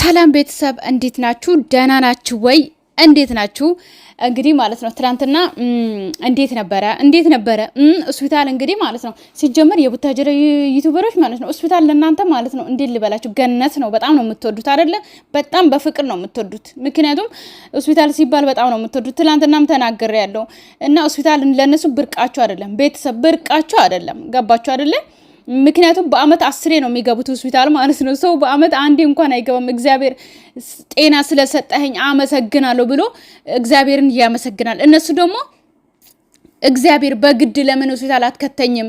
ሰላም ቤተሰብ እንዴት ናችሁ? ደህና ናችሁ ወይ? እንዴት ናችሁ? እንግዲህ ማለት ነው ትናንትና እንዴት ነበረ? እንዴት ነበረ ሆስፒታል እንግዲህ ማለት ነው። ሲጀመር የቡታጀረ ዩቱበሮች ማለት ነው ሆስፒታል ለእናንተ ማለት ነው እንዴት ልበላችሁ ገነት ነው። በጣም ነው የምትወዱት አይደለ? በጣም በፍቅር ነው የምትወዱት። ምክንያቱም ሆስፒታል ሲባል በጣም ነው የምትወዱት። ትናንትናም ተናገር ያለው እና ሆስፒታል ለእነሱ ብርቃቸው አይደለም፣ ቤተሰብ ብርቃቸው አይደለም። ገባችሁ አይደለም? ምክንያቱም በአመት አስሬ ነው የሚገቡት ሆስፒታል ማለት ነው። ሰው በአመት አንዴ እንኳን አይገባም። እግዚአብሔር ጤና ስለሰጠኸኝ አመሰግናለሁ ብሎ እግዚአብሔርን ያመሰግናል። እነሱ ደግሞ እግዚአብሔር በግድ ለምን ሆስፒታል አትከተኝም?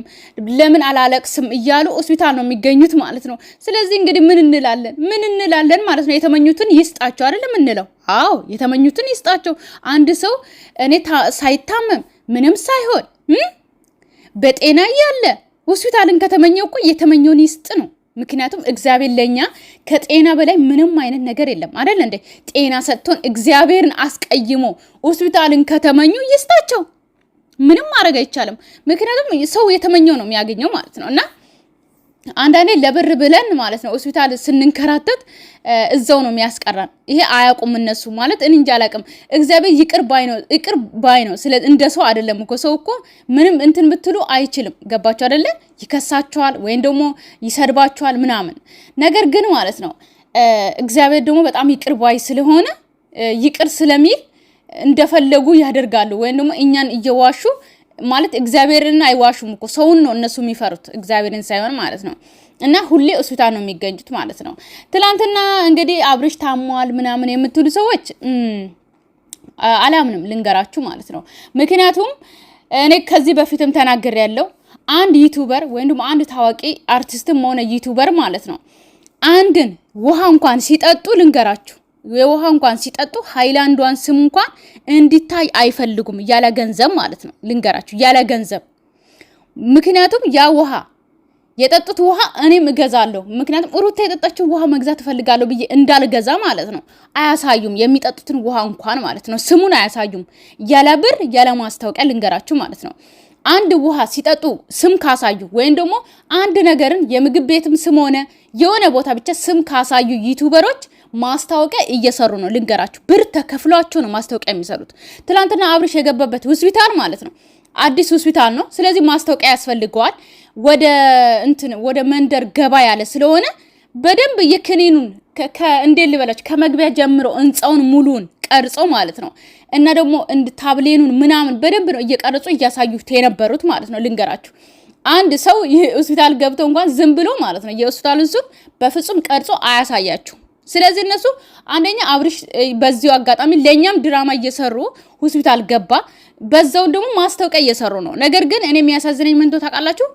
ለምን አላለቅስም? እያሉ ሆስፒታል ነው የሚገኙት ማለት ነው። ስለዚህ እንግዲህ ምን እንላለን? ምን እንላለን ማለት ነው። የተመኙትን ይስጣቸው አይደለም እንለው። አዎ የተመኙትን ይስጣቸው። አንድ ሰው እኔ ሳይታመም ምንም ሳይሆን በጤና እያለ ሆስፒታልን ከተመኘው እኮ የተመኘውን ይስጥ ነው። ምክንያቱም እግዚአብሔር ለእኛ ከጤና በላይ ምንም አይነት ነገር የለም አይደል እንዴ? ጤና ሰጥቶን እግዚአብሔርን አስቀይሞ ሆስፒታልን ከተመኙ ይስጣቸው። ምንም ማድረግ አይቻልም። ምክንያቱም ሰው የተመኘው ነው የሚያገኘው ማለት ነው እና አንዳንዴ ለብር ብለን ማለት ነው ሆስፒታል ስንንከራተት እዛው ነው የሚያስቀራን። ይሄ አያውቁም እነሱ ማለት እኔ እንጃ አላውቅም። እግዚአብሔር ይቅር ባይ ነው፣ ይቅር ባይ ነው። ስለ እንደ ሰው አይደለም እኮ ሰው እኮ ምንም እንትን ብትሉ አይችልም። ገባችሁ አይደለ? ይከሳችኋል ወይም ደግሞ ይሰድባችኋል ምናምን። ነገር ግን ማለት ነው እግዚአብሔር ደግሞ በጣም ይቅር ባይ ስለሆነ ይቅር ስለሚል እንደፈለጉ ያደርጋሉ ወይም ደግሞ እኛን እየዋሹ ማለት እግዚአብሔርን አይዋሹም እኮ ሰውን ነው እነሱ የሚፈሩት እግዚአብሔርን ሳይሆን ማለት ነው። እና ሁሌ ሆስፒታል ነው የሚገኙት ማለት ነው። ትላንትና እንግዲህ አብርሽ ታሟል ምናምን የምትሉ ሰዎች አላምንም ልንገራችሁ ማለት ነው። ምክንያቱም እኔ ከዚህ በፊትም ተናገር ያለው አንድ ዩቱበር ወይም ደግሞ አንድ ታዋቂ አርቲስትም ሆነ ዩቱበር ማለት ነው አንድን ውሃ እንኳን ሲጠጡ ልንገራችሁ የውሃ እንኳን ሲጠጡ ሃይላንዷን ስም እንኳን እንዲታይ አይፈልጉም። ያለ ገንዘብ ማለት ነው ልንገራችሁ፣ ያለ ገንዘብ ምክንያቱም ያ ውሃ የጠጡት ውሃ እኔም እገዛለሁ፣ ምክንያቱም ሩታ የጠጣችው ውሃ መግዛት እፈልጋለሁ ብዬ እንዳልገዛ ማለት ነው። አያሳዩም የሚጠጡትን ውሃ እንኳን ማለት ነው፣ ስሙን አያሳዩም። ያለ ብር ያለ ማስታወቂያ ልንገራችሁ ማለት ነው። አንድ ውሃ ሲጠጡ ስም ካሳዩ ወይም ደግሞ አንድ ነገርን የምግብ ቤትም ስም ሆነ የሆነ ቦታ ብቻ ስም ካሳዩ ዩቱበሮች ማስታወቂያ እየሰሩ ነው። ልንገራችሁ፣ ብር ተከፍሏቸው ነው ማስታወቂያ የሚሰሩት። ትናንትና አብርሽ የገባበት ሆስፒታል ማለት ነው አዲስ ሆስፒታል ነው። ስለዚህ ማስታወቂያ ያስፈልገዋል። ወደ እንትን ወደ መንደር ገባ ያለ ስለሆነ በደንብ የክኒኑን እንዴት ልበላችሁ ከመግቢያ ጀምሮ ህንፃውን ሙሉን ቀርጾ ማለት ነው እና ደግሞ ታብሌኑን ምናምን በደንብ ነው እየቀረጹ እያሳዩት የነበሩት ማለት ነው። ልንገራችሁ አንድ ሰው ሆስፒታል ገብቶ እንኳን ዝም ብሎ ማለት ነው የሆስፒታሉን ዙም በፍጹም ቀርጾ አያሳያችሁ። ስለዚህ እነሱ አንደኛ አብርሽ በዚሁ አጋጣሚ ለእኛም ድራማ እየሰሩ ሆስፒታል ገባ፣ በዛው ደግሞ ማስታወቂያ እየሰሩ ነው። ነገር ግን እኔ የሚያሳዝነኝ ምንቶ ታውቃላችሁ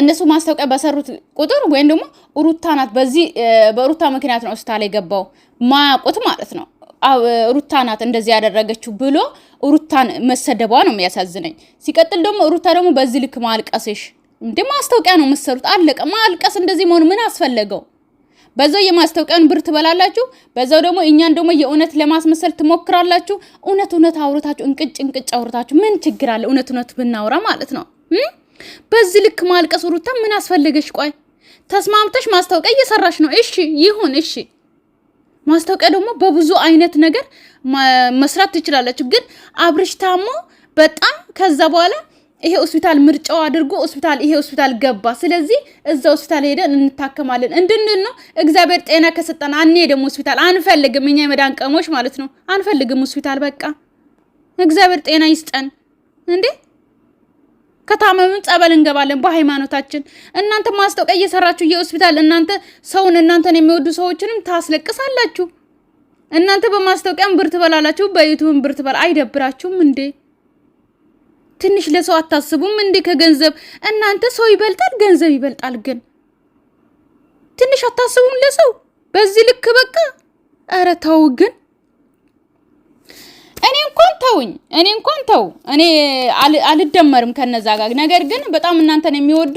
እነሱ ማስታወቂያ በሰሩት ቁጥር ወይም ደግሞ ሩታ ናት፣ በዚህ በሩታ ምክንያት ነው ሆስፒታል የገባው ማያውቁት ማለት ነው ሩታ ናት እንደዚህ ያደረገችው ብሎ ሩታን መሰደቧ ነው የሚያሳዝነኝ። ሲቀጥል ደግሞ ሩታ ደግሞ በዚህ ልክ ማልቀስሽ እንደ ማስታወቂያ ነው የምትሰሩት። አለቀ። ማልቀስ እንደዚህ መሆኑ ምን አስፈለገው? በዛው የማስታወቂያውን ብር ትበላላችሁ። በዛው ደግሞ እኛን ደግሞ የእውነት ለማስመሰል ትሞክራላችሁ። እውነት እውነት አውርታችሁ እንቅጭ እንቅጭ አውርታችሁ ምን ችግር አለ? እውነት እውነት ብናውራ ማለት ነው። በዚህ ልክ ማልቀስ ሩታ ምን አስፈለገሽ? ቆይ ተስማምተሽ ማስታወቂያ እየሰራሽ ነው። እሺ ይሁን፣ እሺ ማስታወቂያ ደግሞ በብዙ አይነት ነገር መስራት ትችላለች። ግን አብርሽ ታሞ በጣም ከዛ በኋላ ይሄ ሆስፒታል ምርጫው አድርጎ ሆስፒታል ይሄ ሆስፒታል ገባ። ስለዚህ እዛ ሆስፒታል ሄደን እንታከማለን እንድንል ነው። እግዚአብሔር ጤና ከሰጠን አንሄድም ሆስፒታል፣ አንፈልግም። እኛ የመዳን ቀሞች ማለት ነው አንፈልግም ሆስፒታል። በቃ እግዚአብሔር ጤና ይስጠን እንዴ። ከታመምን ጸበል እንገባለን በሃይማኖታችን። እናንተ ማስታወቂያ እየሰራችሁ የሆስፒታል እናንተ ሰውን እናንተን የሚወዱ ሰዎችንም ታስለቅሳላችሁ። እናንተ በማስታወቂያም ብር ትበላላችሁ፣ በዩቱብም ብር ትበላ አይደብራችሁም እንዴ? ትንሽ ለሰው አታስቡም እንዴ? ከገንዘብ እናንተ ሰው ይበልጣል፣ ገንዘብ ይበልጣል። ግን ትንሽ አታስቡም ለሰው በዚህ ልክ በቃ። ኧረ ተው ግን እኔ እንኳን ተውኝ፣ እኔ እንኳን ተው፣ እኔ አልደመርም ከነዛ ጋር። ነገር ግን በጣም እናንተን የሚወዱ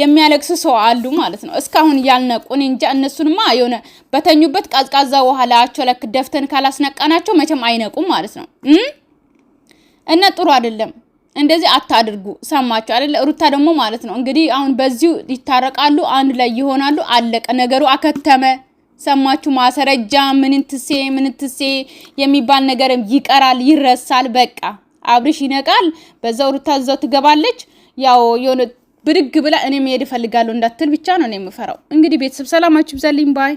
የሚያለቅስ ሰው አሉ ማለት ነው። እስካሁን ያልነቁ እኔ እንጃ። እነሱንማ የሆነ በተኙበት ቀዝቃዛ ውሃ ላያቸው ለክ ደፍተን ካላስነቃናቸው መቼም አይነቁም ማለት ነው እና ጥሩ አይደለም። እንደዚህ አታድርጉ። ሰማችሁ አይደለ? ሩታ ደግሞ ማለት ነው እንግዲህ አሁን በዚሁ ይታረቃሉ፣ አንድ ላይ ይሆናሉ። አለቀ ነገሩ፣ አከተመ። ሰማችሁ? ማሰረጃ ምንትሴ ምንትሴ የሚባል ነገርም ይቀራል፣ ይረሳል። በቃ አብርሽ ይነቃል። በዛው ሩታ እዛው ትገባለች። ያው የሆነ ብድግ ብላ እኔ መሄድ እፈልጋለሁ እንዳትል ብቻ ነው እኔ የምፈራው። እንግዲህ ቤተሰብ ሰላማችሁ ይብዛልኝ ባይ